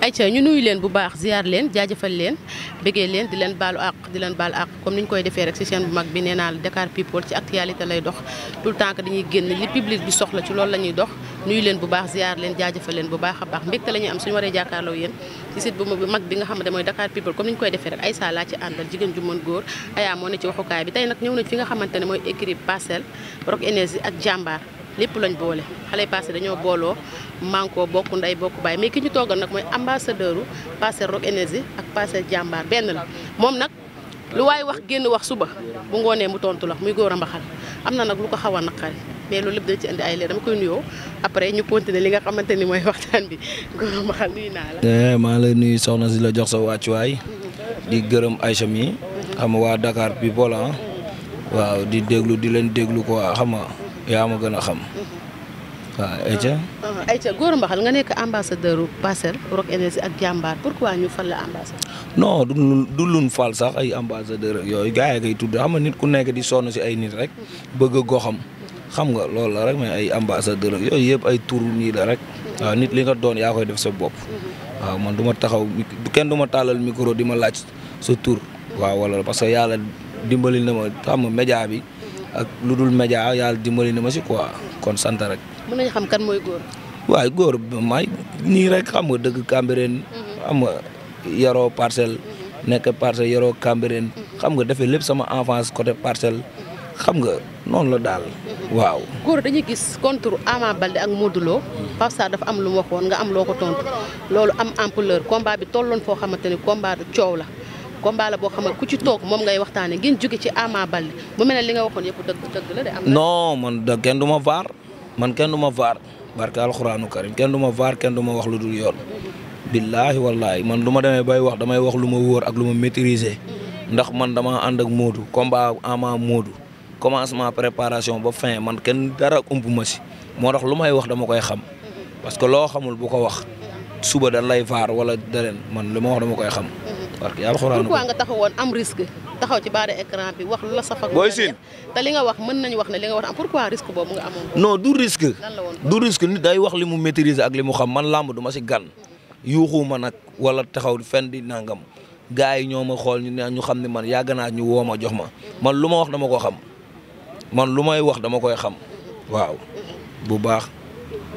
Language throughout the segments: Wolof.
ay ayca ñu nuyu leen bu baax ziar leen jaajafal leen bëggee leen di leen baalu àq di leen baal àq comme ni ñu koy defee rek ci chaîne bu mag bi nee naa la Dakar People ci actualité lay dox tout le temps que dañuy génn a baax mbégte la ñuy am suñu waree jàkkaarloo yéen ci site nga xam ne mooy Dakar People comme ni ñu koy defee rek ay saa laa ci àndal jigéen ju mën góor ayaa moo ne ci waxukaay bi tey nag ñëw nañ fi nga xamante ne mooy écrit parcelle Rock Énergie ak jàmbaar lépp lañ boole xale passé dañoo booloo manko bokk nday bokk baay mais ki ñu toogal nag mooy ambassadeur u passé Rock Énergie ak passé jàmbaar benn la moom nag lu waaye wax génn wax suba bu ngoonee mu tontu la muy góor a mbaxal am na nag lu ko xaw a naqari mais loolu lépp dañ ci indi ay leer dama koy nuyoo après ñu continuer li nga xamante ni mooy waxtaan bi góor a mbaxal nuyu naa la. Eh, maa lay nuyu soxna si la jox sa wàccuwaay di gërëm Aïcha mi xam nga waa Dakar ah. waaw di déglu di leen déglu quoi xam nga yaa ma gën a xam. waaw Aïcha. Aïcha Gora Mbaxal nga nekk ambassadeur Parcelles Rock Énergie ak jàmbaar pourquoi ñu fal la ambassadeur. non du du luñ fal sax ay ambassadeur ak yooyu gars yi koy tudd xam nga nit ku nekk di sonn si ay nit rek. bëgg a goxam. xam nga loolu la rek mais ay ambassadeur ak yooyu yëpp ay tur nii la rek. waaw nit li nga doon yaa koy def sa bopp. waaw man duma taxaw kenn du ma tàllal micro di ma laaj sa tur. waaw wala parce que yàlla dimbali na ma xam nga bi. ak lu dul média yàlla dimbali na ma si quoi kon sant rek. mën nañu xam kan mooy góor. waaye góor may nii rek xam nga dëgg Cambérène. Mhm. xam nga yaroo parcelle. Mhm. nekk parcelle yaroo Cambérène. Mhm. xam nga defee lépp sama enfance côté parcelle. xam nga noonu la daal. waaw góor dañuy gis contre Ama Baldé ak Modou Lo. Pape Sarr dafa am lu mu waxoon nga am loo ko tontu loolu am ampleur combat bi tolloon foo xamante ni combat du coow la. combat la boo xam ku ci toog moom ngay waxtaane ngeen jóge ci Ama Baldé mu mel ne li nga waxoon yëpp dëgg dëgg la de am non man da kenn du ma vaar man kenn du ma vaar barke alxuraanu karim kenn du ma vaar kenn du ma wax lu dul yoon billaahi wallaahi man duma demee bay wax damay wax lu ma wóor ak lu ma maîtriser ndax man dama ànd ak Modou combat Ama Modou commencement préparation ba fin man kenn dara ump ma si moo tax lu may wax dama koy xam parce que loo xamul bu ko wax suba da lay vaar wala da man li ma wax dama koy xam parce que alxuraan pourquoi nga taxawoon am risque taxaw ci baada écran bi wax lu la safak booy siin te li nga wax mën nañu wax ne li nga war am pourquoi risque boobu nga amoon non du risque du risque nit day wax li mu maîtriser ak li mu xam man làmb du ma si gan yuuxuma nag wala taxaw fenn di nangam gars yi ñoo ma xool ñu ne ñu xam ne man yàgg naa ñu ma jox ma man lu ma wax dama ko xam man lu may wax dama koy xam waaw bu baax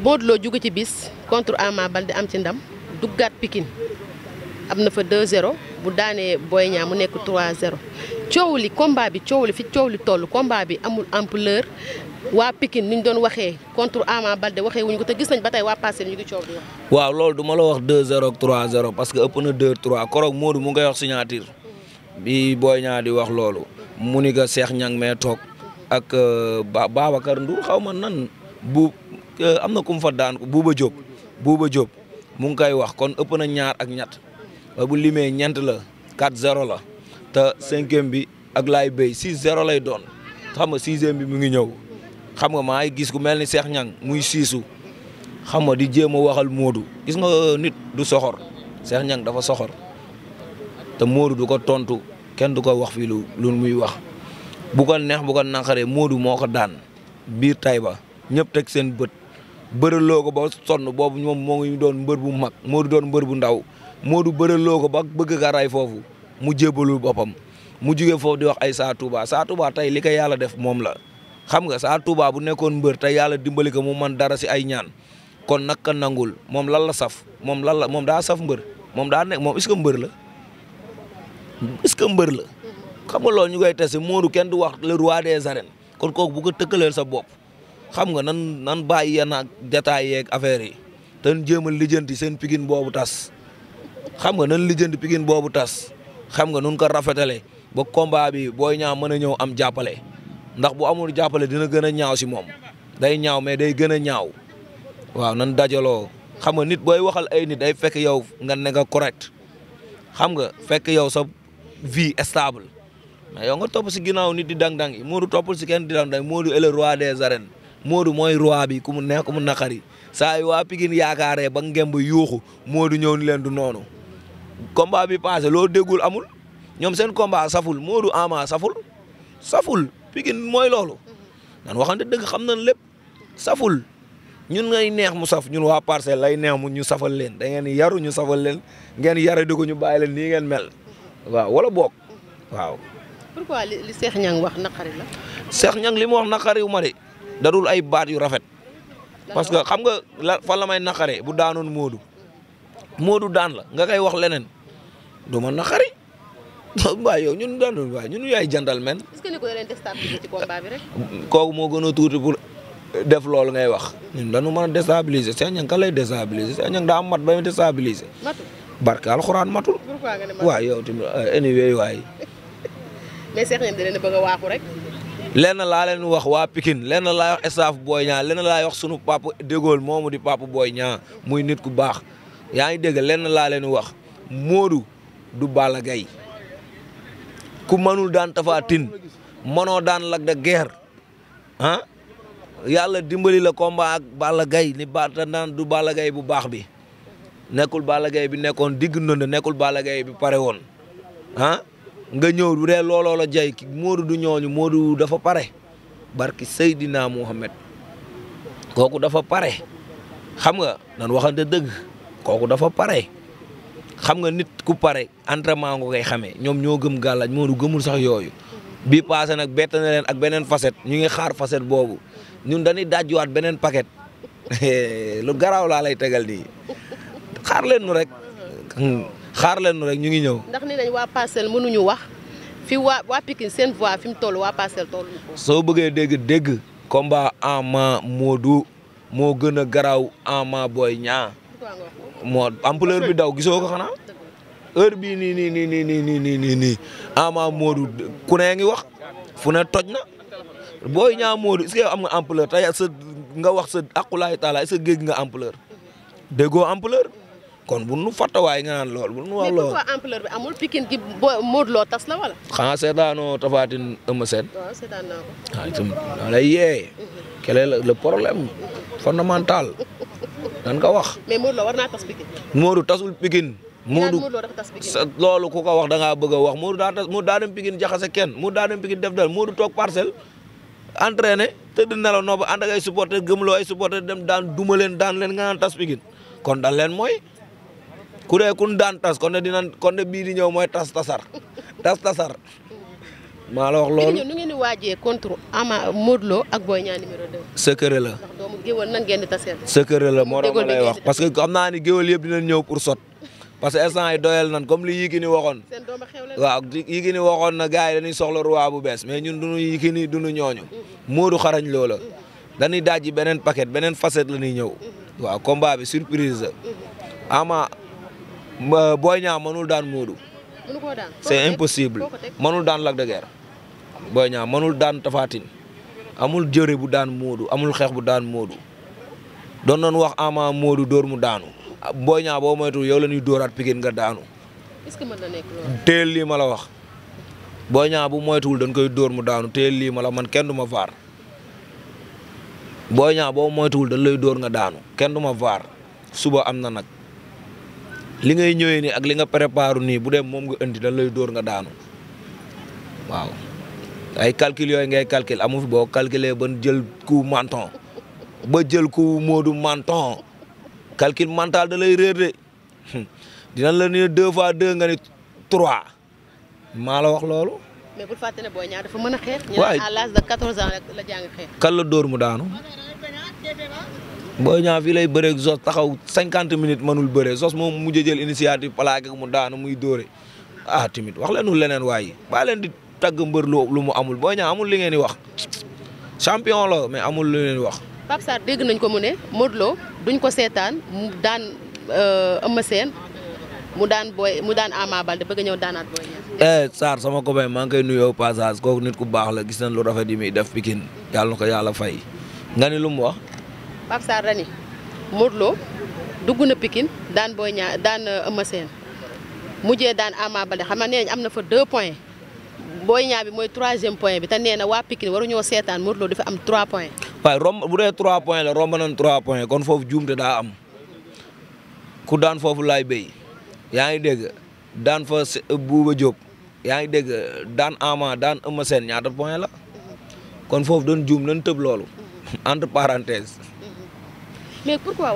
Modou loo jóge ci bis contre Ama di am ci ndam duggaat pikin am na fa 2-0 bu daanee Boy Niang mu nekk 3-0 coow li combat bi coow li fi coow li toll combat bi amul ampleur waa Pikine ni ñu doon waxee contre Ama Baldé waxee wuñu ko te gis nañ ba tey waa passé ñu ngi coow di wax. waaw loolu du la wax 2-0 ak 3 parce que ëpp na 2-3 koroog Modou mu ngay wax signature bi Boy Niang di wax loolu mu ni ko Cheikh Niang mee toog ak euh, Babacar Ndour xaw ma nan bu euh, am na ku mu fa daan ko Bouba Diop buuba Diop mu ngi koy wax kon ëpp na ñaar ak ñett. waaye bu limee ñeent la 4-0 la te cinquième bi ak laay béy 6-0 lay doon xam nga sixième bi mu ngi ñëw xam nga maa ngi gis ku mel ni Cheikh Niang muy siisu xam nga di jéem a waxal moodu gis nga euh, nit du soxor Cheikh Niang dafa soxor te Modou du ko tontu kenn du ko wax fii lu muy wax bu ko neex bu ko naqaree Modou moo ko daan biir Taïba ñëpp teg seen bët bëraloo ko ba sonn boobu moom moo doon mbër bu mag Modou doon mbër bu ndaw Modou bëraloo ko ba bëgg ka ray foofu mu jébalul boppam mu jugee foofu di wax ay saa Touba tey li ko yàlla def moom la xam nga saa Touba bu nekkoon mbër tey yàlla dimbali ko mu man dara si ay ñaan kon nag ka nangul moom lan la saf moom lan la moom daa saf mbër moom daa nekk moom est-ce mbër la est-ce mbër la xam nga loolu ñu koy si Modou kenn du wax le roi des kon kooku bu ko tëkkaleel sa bopp xam nga nan nan bàyyi yenn détails yeeg affaire yi te jéem a lijjanti seen pigin boobu tas. xam nga nan lijjanti Pikine boobu tas xam nga nun ko rafetale ba combat bi booy ñaaw mën a ñëw am jàppale ndax bu amul jàppale dina gën a ñaaw si moom day ñaaw mais day gën a ñaaw waaw nan dajaloo xam nga nit booy waxal ay nit day fekk yow nga ne nga correct xam nga fekk yow sa vi stable mais yow nga topp si ginnaaw nit di dang-dang yi Modou toppul si kenn di dang-dang Modou est le roi des arènes Modou mooy roi bi ku mu neex ku mu naqari saa yu waa Pikine yaakaaree ba ngemb yuuxu Modou ñëw ni leen du noonu combat bi passé loo déggul amul ñoom seen combat saful Modou Ama saful saful Pikine mooy loolu nan waxante dëgg xam nañ lépp saful ñun ngay neex mu saf ñun waa parcelle lay neex mu ñu safal leen da ngeen yaru ñu safal leen ngeen yare di ñu bàyyi leen nii ngeen mel waaw wala boog waaw. pourquoi li Cheikh wax naqari la. Cheikh Niang li mu wax naqari wu ma de darul ay baat yu rafet. parce que xam nga la fan la may naqare bu daanoon Modou daan la nga koy wax leneen du ma naqari waaye yow ñun daanoon waaye ñun yaay jandal men. est-ce que ni ko leen déstabiliser ci combat bi rek. kooku moo gën a tuuti pour def loolu ngay wax. ñun dañu mën a déstabiliser Cheikh Niang kan lay déstabiliser Cheikh Niang daa am mat ba ñu déstabiliser. barke alxuraan matul. matul waaw eh, anyway waay. rek. lenn laa leen wax waa pikin lenn laa wax staff Boy Niang lenn laay wax sunu papa dégool moomu di papa booy Niang muy nit ku baax yaa ngi dégg lenn laa leen wax Modou du Balla Gaye ku mënul daan Tapha Tine mënoo daan Lac de ah yàlla dimbali la combat ak Balla Gaye ni baata du balagay bu baax bi nekkul Balla Gaye bi nekkoon digg ndënd nekkul Balla Gaye bi pare woon ah nga ñëw bu dee looloo la jay ki Modou du ñooñu Modou dafa pare barki Seydina Mohamed kooku dafa pare xam nga nan waxante dëgg kooku dafa pare xam nga nit ku pare entraînement nga koy xamee ñoom ñoo gëm gàllaaj Modou gëmul sax yooyu bii passé nag bett na leen ak beneen facette ñu ngi xaar facette boobu ñun dañuy dajjuwaat beneen paquet lu garaaw laa lay tegal nii xaar leen nu rek xaar leen rek ñu ngi ñëw. ndax nee nañ waa parcelle mënuñu wax fi waa waa Pikine seen voix fi mu toll waa parcelle toll. soo bëggee dégg dégg combat Ama Modou moo gën a garaaw Ama Boy Niang moo ampleur bi daw gisoo ko xanaa heure nii nii nii nii nii nii nii nii Ama Modou ngi wax fu ne toj na Boy Niang Modou est-ce ampleur tey sa nga wax sa akulaay taala est-ce que géej nga ampleur déggoo ampleur. kon bu nu fàtte waaye nga naan lool bu nu wax lool. mais pourquoi ampleur bi amul Pikine gi boo Modou tas la wala. xanaa seetaanoo Tapha Tine Eumeu ko. ah itam da lay yee. Mhm. quel est le problème fondamental nan ko wax. mais Modou tasul Pikine. Modou loolu ku ko wax da ngaa bëgg wax Modou daa tas Modou daa dem Pikine jaxase kenn Modou daa dem Pikine def dal Modou toog parcelle. entraîné tëdd na la noppi ànd ak ay supporter gëmloo ay supporter dem daan duma leen daan leen nga naan tas Pikine kon daan leen mooy. ku dee kun daan tas kon ne dinañ kon ne bii di ñëw mooy tas tasar tas tasar maa la wax loolu ngeen di waajee contre Ama Modou ak Boy Niang numéro la ndax doomu ngeen di taseel. secret la moo tax ma wax parce que xam naa ni géwël yëpp dinañ ñëw pour sot parce que instant yi doyal nan comme li Yékini waxoon. seen doomu na gars yi dañuy soxla roi bu bees mais ñun duñu Yékini duñu ñooñu. Mm-hmm. Modou xarañ loola. dañuy dajji beneen paquet beneen facette la ñuy ñëw. Mm-hmm. surprise mm-hmm. Ama Boy Niang mënul daan Modou. c'est impossible mënul daan Lac de Guiers. Boy Niang mënul daan Tapha amul jëre bu daan Modou amul xeex bu daan moodu doon nañ wax ama Modou dóor mu daanu Boy Niang boo moytu yow la ñuy dóoraat Pikine nga daanu. est lii ma wax Boy bu moytuwul dañ koy dóor mu daanu teel lii ma la man kenn du ma vaar Boy Niang boo dañ lay dóor nga daanu kenn du ma vaar suba am na nag. li ngay ñëwee nii ak li nga préparé nii bu dee moom nga indi dañ lay dóor nga daanu waaw ay calcul yooyu ngay calcul amu fi boo calculer ba jël coup menton ba jël coup moodu menton calcul mental da lay réer dinañ la ne deux fois deux nga ni trois maa la wax loolu. mais bul fàtte ne Boy dóor mu daanu. Boy Niang fii lay bëree Zoss taxaw cinquante minutes mënul bëree Zoss moom mu mujj jël initiative plaqué mu daanu muy dóore ah tamit wax leenu leneen waaye baa leen di tagg mbër lu mu amul Boy ñaa amul li ngeen di wax champion la mais amul li ngeen di wax. Pape Sarr dégg nañ ko mu ne Modou duñ ko seetaan mu daan euh, Eumeu Sène mu daan booy mu daan Ama Baldé bëgg ñëw daanaat Boy Niang. Eh, Sarr sama copain maa ngi koy nuyoo passage kooku nit ku baax la gis nañ lu rafet yi muy def Pikine yàlla na ko yàlla fay nga lu mu wax. Pape Sarr dani Modou dugg na pikin daan Boy Niang daan euh, Eumeu Sène mujjee daan Ama Baldé xam na nee am na fa deux points booy ñaa bi mooy troisième point bi te nee na waa Pikine waruñoo seetaan Modou Lo dafa am trois points. waaye romb bu dee trois points la romb nañ trois points kon foofu juumte daa am ku daan foofu laay béy yaa ngi dégg daan fa Bouba Diop yaa ngi dégg daan Ama daan Eumeu Sène ñaata point la kon foofu doon juum nañ tëb loolu entre parenthèses. mais pourquoi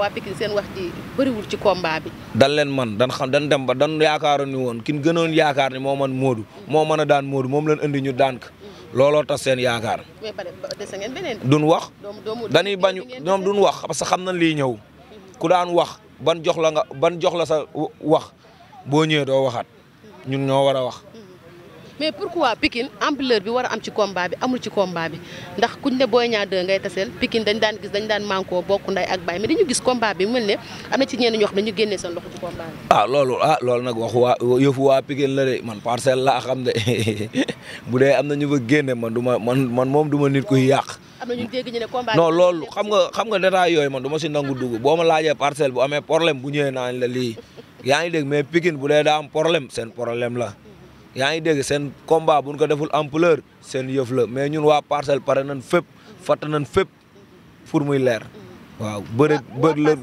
ci combat dan leen man dan xam dan dem ba dan yaakaaroon ni woon kin gënoon yaakaar ni moo man Modou moo mën a daan Modou moom leen andi ñu daan looloo tax seen yaakaar. mais dese ngeen beneen. duñ wax dañuy bañ ñoom duñ wax parce que xam na lii ñëw ku daan wax ban jox la nga ban jox la sa wax boo ñëwee doo waxaat ñun ñoo war a wax. mais pourquoi Pikine ampleur bi war a am ci combat bi amul ci combat bi ndax kuñ ne Boy Niang 2 ngay taseel Pikine dañ daan gis dañ daan mànkoo bokk nday ak bay mais dañu gis combat bi mel ne am na ci ñenn ñoo xam ne ñu génnee seen loxo ci combat bi. ah loolu ah, loolu nag waxu waa yëfu waa Pikine la de man parcelle la xam de bu dee am na ñu fa génne man du ma man man moom du ma nit kuy yàq. am na ñu dégg ne combat non xam nga xam nga détail yooyu man du ma si nangu dugg boo ma laajee parcelle bo ame problème bu ñëwee naan la lii yaa ngi dégg mais Pikine bu dee daa am problème seen problème la yaa ngi dégg seen combat buñ ko deful ampleur seen yëf la mais ñun waa parcelle pare nan fépp fatt nañ fépp pour muy leer waaw bëri bëri la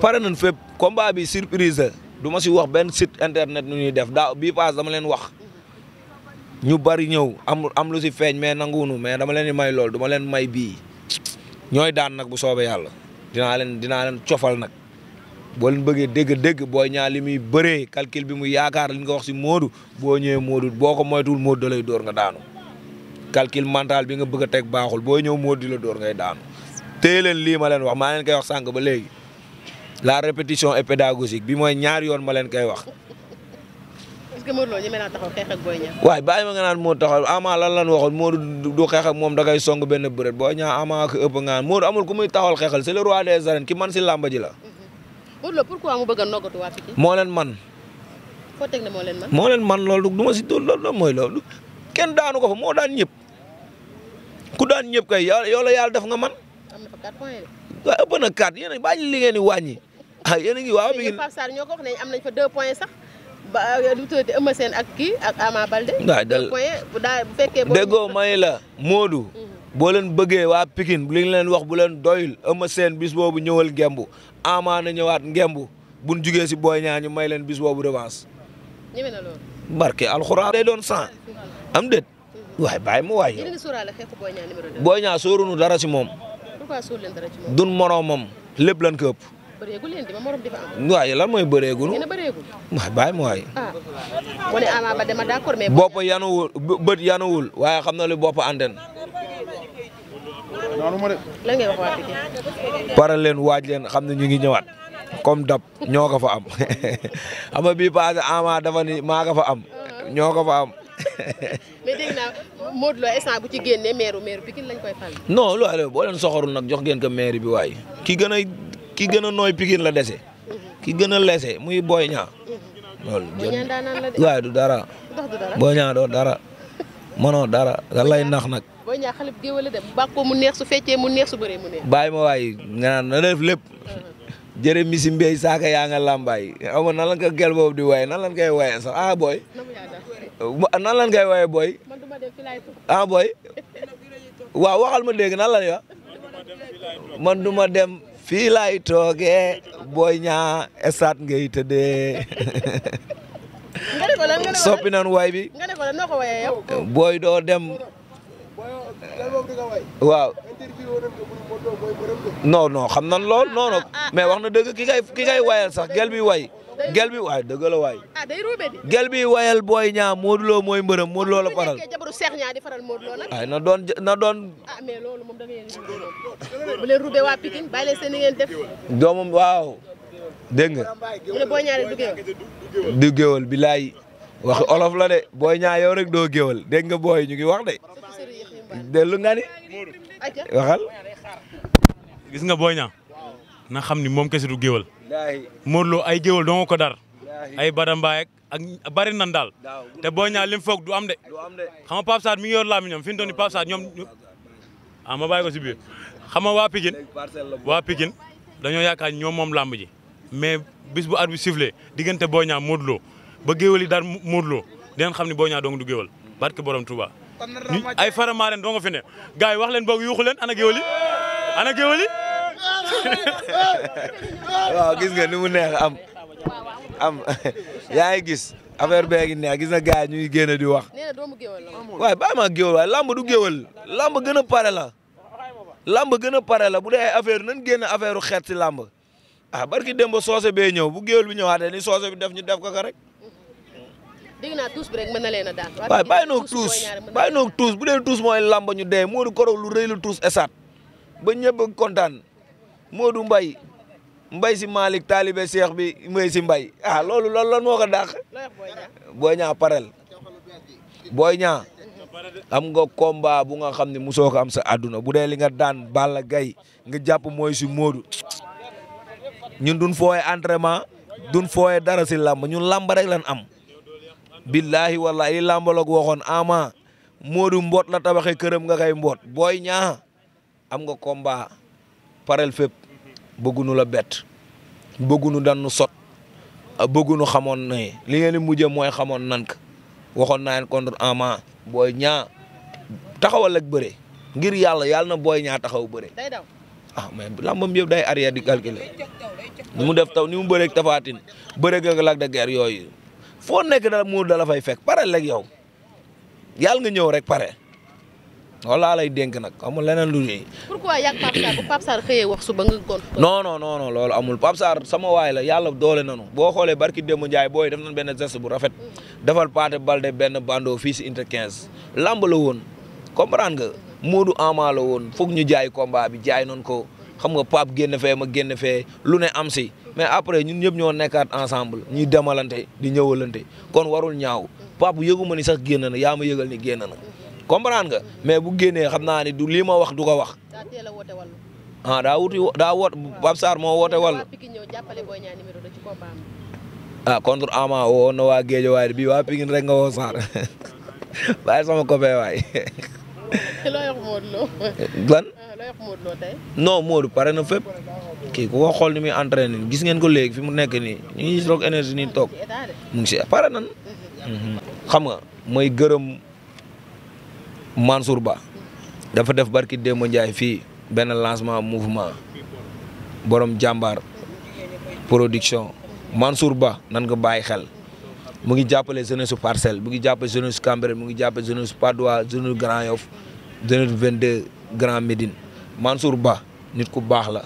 pare nañ fépp combat bi surprise duma si wax benn site internet nu ñuy def daaw bii paas dama leen wax ñu bari ñëw am am lu si feeñ mais nanguwunu mais dama leen di may loolu du leen may bii ñooy daan nag bu soobee yàlla dinaa leen dinaa leen cofal nag boo leen bëggee dégg-dégg boo ñaa limu muy bëree calcul bi mu yaakaar li nga wax si Modou boo ñëwee Modou boo ko moytuwul Modou da lay dóor nga daanu calcul mental bi nga bëgg a teg baaxul boo ñëw Modou di la dóor ngay daanu téye leen lii ma leen wax maa leen koy wax sànq ba léegi la répétition est bi mooy ñaari yoon ma leen koy wax. est-ce que Modou Lo ñeme naa taxaw naan Modou taxaw Ama lan lan waxoon Modou du xeex ak moom da koy song benn bëreet Boy Niang Ama ak ëpp nga muy taxawal xeexal c'est le roi des arènes ki man si làmba ji la. Mm-hmm. Modou Lo pourquoi mu bëgg a moo leen man foo teg ne moo leen man moo leen man loolu du ma si loolu mooy loolu kenn daanu ko fa moo daan ñëpp ku daan ñëpp kay yow la yàlla def nga man. am na fa 4 points de. wàññi. ah yéen a ngi waaw mi ngi Pape Sarr ñoo ko wax ne am nañ fa 2 points sax. ba euh, lu ak kii ak Ama Baldé. waaw dal bu fekkee. la Modou. Mhm. boo leen bëggee waa Pikine li leen wax bu leen doyul Eumeu boobu ñëwal gembu Ama na ñëwaat ngemb bu ñu jugee si booy ñaa ñu may leen bis boobu revanche. ñeme na loolu. barke alxuraan day doon sang am déet waaye bàyyi ma waay booy ñaa sóorunu dara si moom. dun moroomam lépp lan ko ëpp. waaye lan mooy bëreegul. waaye bàyyi ma waay. Ah. bopp yanuwul bët yanuwul waaye xam na lu bopp anden lan ngay wax waa leen waaj leen xam na ñu ngi ñëwaat comme dab ñoo ko fa am xam nga bii passé Ama dafa maa ko fa am uh-huh. ñoo ko fa am. mais dégg naa Modou Lo instant bu ci génnee maire maire Pikine lañ koy fal. non jox ngeen ko bi waay ki gën a ki gën a nooy Pikine la dese. Uh-huh. ki gën a lese muy Boy Niang. Uh-huh. loolu du dara. Boy Niang dara. mënoo dara da lay nax nag. boo ñaax dem bàkkoo mu neex su feccee mu neex su bëree mu neex. bàyyi ma waay nga naan na def lépp. jërë misi yaa nga làmbaay xaw ma nan lan di waaye nan lan koy waaye sax ah booy. nan lan koy waaye booy. ah booy. waaw waxal ma dégg man du dem fii laay toogee booy ñaa esat ngay tëddee. soppi nan waay bi booy doo dem waaw non non xam na lool non non ah, ah, ah. mais wax na dëgg ki kay ki kay wayal sax gel bi way gel bi waay dëgg la waay gel bi wayal booy ñaa Modou Lo mooy mbërëm Modou Lo la faral ay na doon na doon doomam waaw dégg nga. du géwal bi laay wax olof la de booy ñaa yow rek doo géwal dégg nga booy ñu ngi wax nga ni waxal. gis na xam ni moom kese du géwal. Modou Lo ay géwal doo ko dar. ay badambaay ak bari nan daal. te booy ñaa lim foog du am de. xam nga Pape Sarr mi ngi yor laami ñoom fi mu toll nii Pape Sarr ñoom ah ma bàyyi ko si biir xam nga waa Pikine waa Pikine dañoo yaakaar ñoom moom làmb ji. mais bis bu arbitre bi diggante Boy Niang Modou ba géwél yi daan Modou Lo xam ne Boy Niang dong du géwél barke borom Touba. ay faramaaren dong fi ne gars yi wax leen boog yuuxu leen ana géwél yi ana géwél yi. gis nga ni mu neex am am gis affaire bee ngi neex gis na gars yi ñuy di wax. waaye bàyyi ma géwél waaye lamb du géwél lamb gën a pare la. gën a pare la bu dee ay affaire nan génn affaire xeet si lamb. ah barki démb soose bee ñëw bu géwél bi ñëwaatee ni soose bi def ñu def ko ko rek. bu dee tuus mooy lamba ñu dee Modou Koro lu rëy lu tuus esaat ba ñëpp kontaan Modou Mbaye Mbaye si Malick taalibe Cheikh bi Mbaye si Mbaye ah loolu loolu lan moo ko dàq. booy ñaa parel booy ñaa am bu nga xam ne musoo ko am sa àdduna bu de li nga daan Balla Gaye nga jàpp mooy ñun duñ fooyee entraînement duñ fooyee dara si làmb ñun làmb rek lan am. billahi wallahi li làmbaloog waxoon ama Modou mboot la tabaxee këram nga kay mboot booy ñaa am nga komba parel fépp bëggunu la bett bëggunu dannu sot bëggunu xamoon na li ngeen di mooy xamoon nan ko waxoon naa leen contre ama booy ñaa taxawal ak bëre ngir yàlla yàlla na booy ñaa taxaw bëre. ah mais làmbam yëpp day arrière di calculer ni mu def taw ni mu bëreeg tafaatin bëreeg ak Lac de yooyu foo nekk dala muur dala fay fekk pare lek yow yàlla nga ñëw rek pare laa lay dénk nag amul leneen lu ñuy. pourquoi yàgg Pape Sarr bu Pape Sarr xëyee wax suba nga gont. non non non non loolu amul Pape Sarr sama waay la yàlla doole nanu boo xoolee barki démb Ndiaye booy def na benn geste bu rafet. defal Paate Balde benn bando fii si inter 15 lamb la woon. comprendre nga Modou Ama la woon foog ñu jaay combat bi jaay noon ko xam nga Pape génn fee ma génn fee lu ne am si mais après ñun ñëpp ñoo nekkaat ensemble ñuy demalante di ñëwalante kon warul ñaaw Pape yëgu ma ni sax génn na yaa ma yëgal ni génn na comprendre nga mais bu génnee xam naa ni du lii ma wax du ko wax. ah daa wuti daa woot moo woote wàll. ah contre Ama woo na waa Géejawaay bi waa Pikine rek nga woo Sarr bàyyi sama copain waay. Modou Lo lan ah, non pare na fépp kii ku ko xool ni muy entraîné gis ngeen ko léegi fi mu nekk nii ñu ngi roog ni nii toog mu ngi si pare nan mhm. xam nga mooy gërëm Mansour Ba dafa def barki Demba Ndiaye fii benn lancement mouvement borom jàmbaar production Mansour Ba nan ko bàyyi xel mu ngi jàppale jeunesse su parcelle mu ngi jàppale jeunesse su Cambérène mu ngi jàppale jeunesse su Patte d'Oie jeunesse Grand Yoff jeunesse 22 Grand Médine Mansour Ba nit ku baax la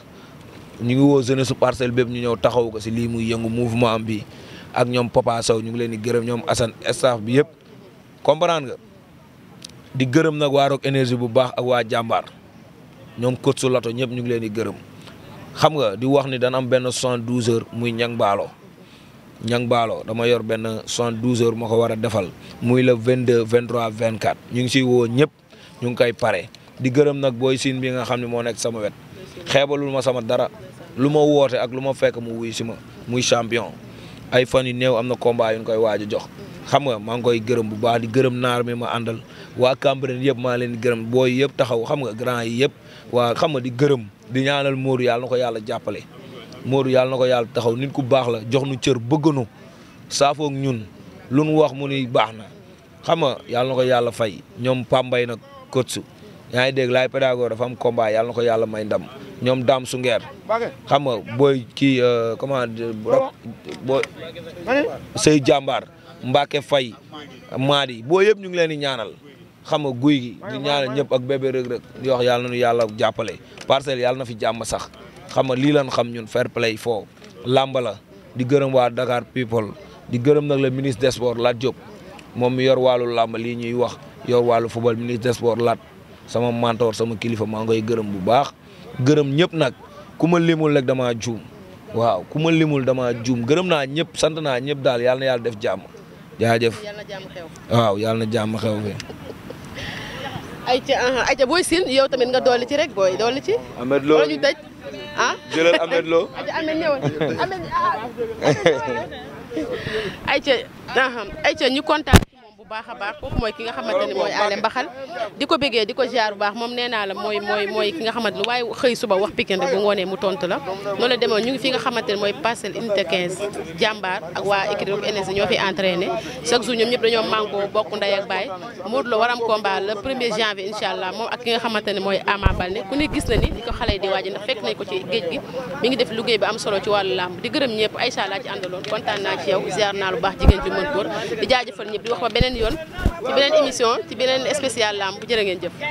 ñu ngi woo jeunesse su parcelle bépp ñu ñëw taxaw ko si lii muy yëngu mouvement bi ak ñoom Papa Sow ñu ngi leen di gërëm ñoom Assane staff bi yëpp comprendre nga di gërëm nag waa Rock énergie bu baax ak waa jàmbaar ñoom coach su lato ñëpp ñu ngi leen di gërëm xam nga di wax ni dana am benn soixante-douze heures muy ñang baalo ñang baaloo dama yor benn soixante-douze heures moo ko war a defal muy le 22 23 24 ñu ngi siy woo ñëpp ñu ngi koy pare di gërëm nag booy siin bi nga xam ne moo nekk sama wet xeebalul ma sama dara lu ma woote ak lu ma fekk mu wuy si ma muy champion ay fan yu néew am na combat yu ñu koy waaj a jox xam nga maa ngi koy gërëm bu baax di gërëm naar mi ma àndal waa Cambérène yëpp maa leen gërëm booy yëpp taxaw xam nga grand yi yëpp waa xam nga di gërëm di ñaanal mooru yàlla na ko yàlla jàppale mooru yàlla na ko yàlla taxaw nit ku baax la jox nu cër bëgg nu saafoog ñun lu nu wax mu ni baax na xam nga yàlla na ko yàlla fay ñoom Pambay nag coach yaa ngi dégg laay pédagogue dafa am combat yàlla na ko yàlla may ndam ñoom daam su ngeer xam nga booy kii euh, comment booy sëy jàmbaar Mbacke Faye Maadi boo yëpp ñu ngi leen di ñaanal xam guy gi di ñaanal ñëpp ak bébé rëg rëg di wax yàlla nañu yàlla jàppale parcelle yàlla na fi jàmm sax xam nga lii lan xam ñun fair play foo làmb la di gërëm waa Dakar people di gërëm nag le ministre des sports moom mi yor wàllu làmb lii ñuy yow wàllu football ministre des sports sama mentor sama kilifa maa ngoy gërëm bu baax gërëm ñëpp nag ku ma limul rek damaa juum waaw ku ma limul damaa juum gërëm naa ñëpp sant naa ñëpp daal yàlla na yàlla def jàmm jaajëf waaw yàlla na jàmm xew fi ayca ayca booy siin yow tamit nga dolli ci rek booy dolli ci. Ameth Lo wala ñu ñu kontaan. baax a baax kooku mooy ki nga xamante ni mooy Alé Mbaxal di ko bëggee di ko ziar bu baax moom nee la mooy mooy mooy ki nga xamante ni waaye xëy suba wax Pikine rek bu ngoonee mu tontu la noonu la demoon ñu ngi fi nga xamante mooy Parcelles Unité 15 jàmbaar ak waa équipe roog énergie ñoo fi entraîné chaque jour ñoom ñëpp dañoo mànkoo bokk ndey ak baay Modou Lo waram combat le premier janvier incha allah moom ak ki nga xamante mooy Ama ne yoon ci beneen émission ci beneen spécial lamb bu jërë ngeen jëf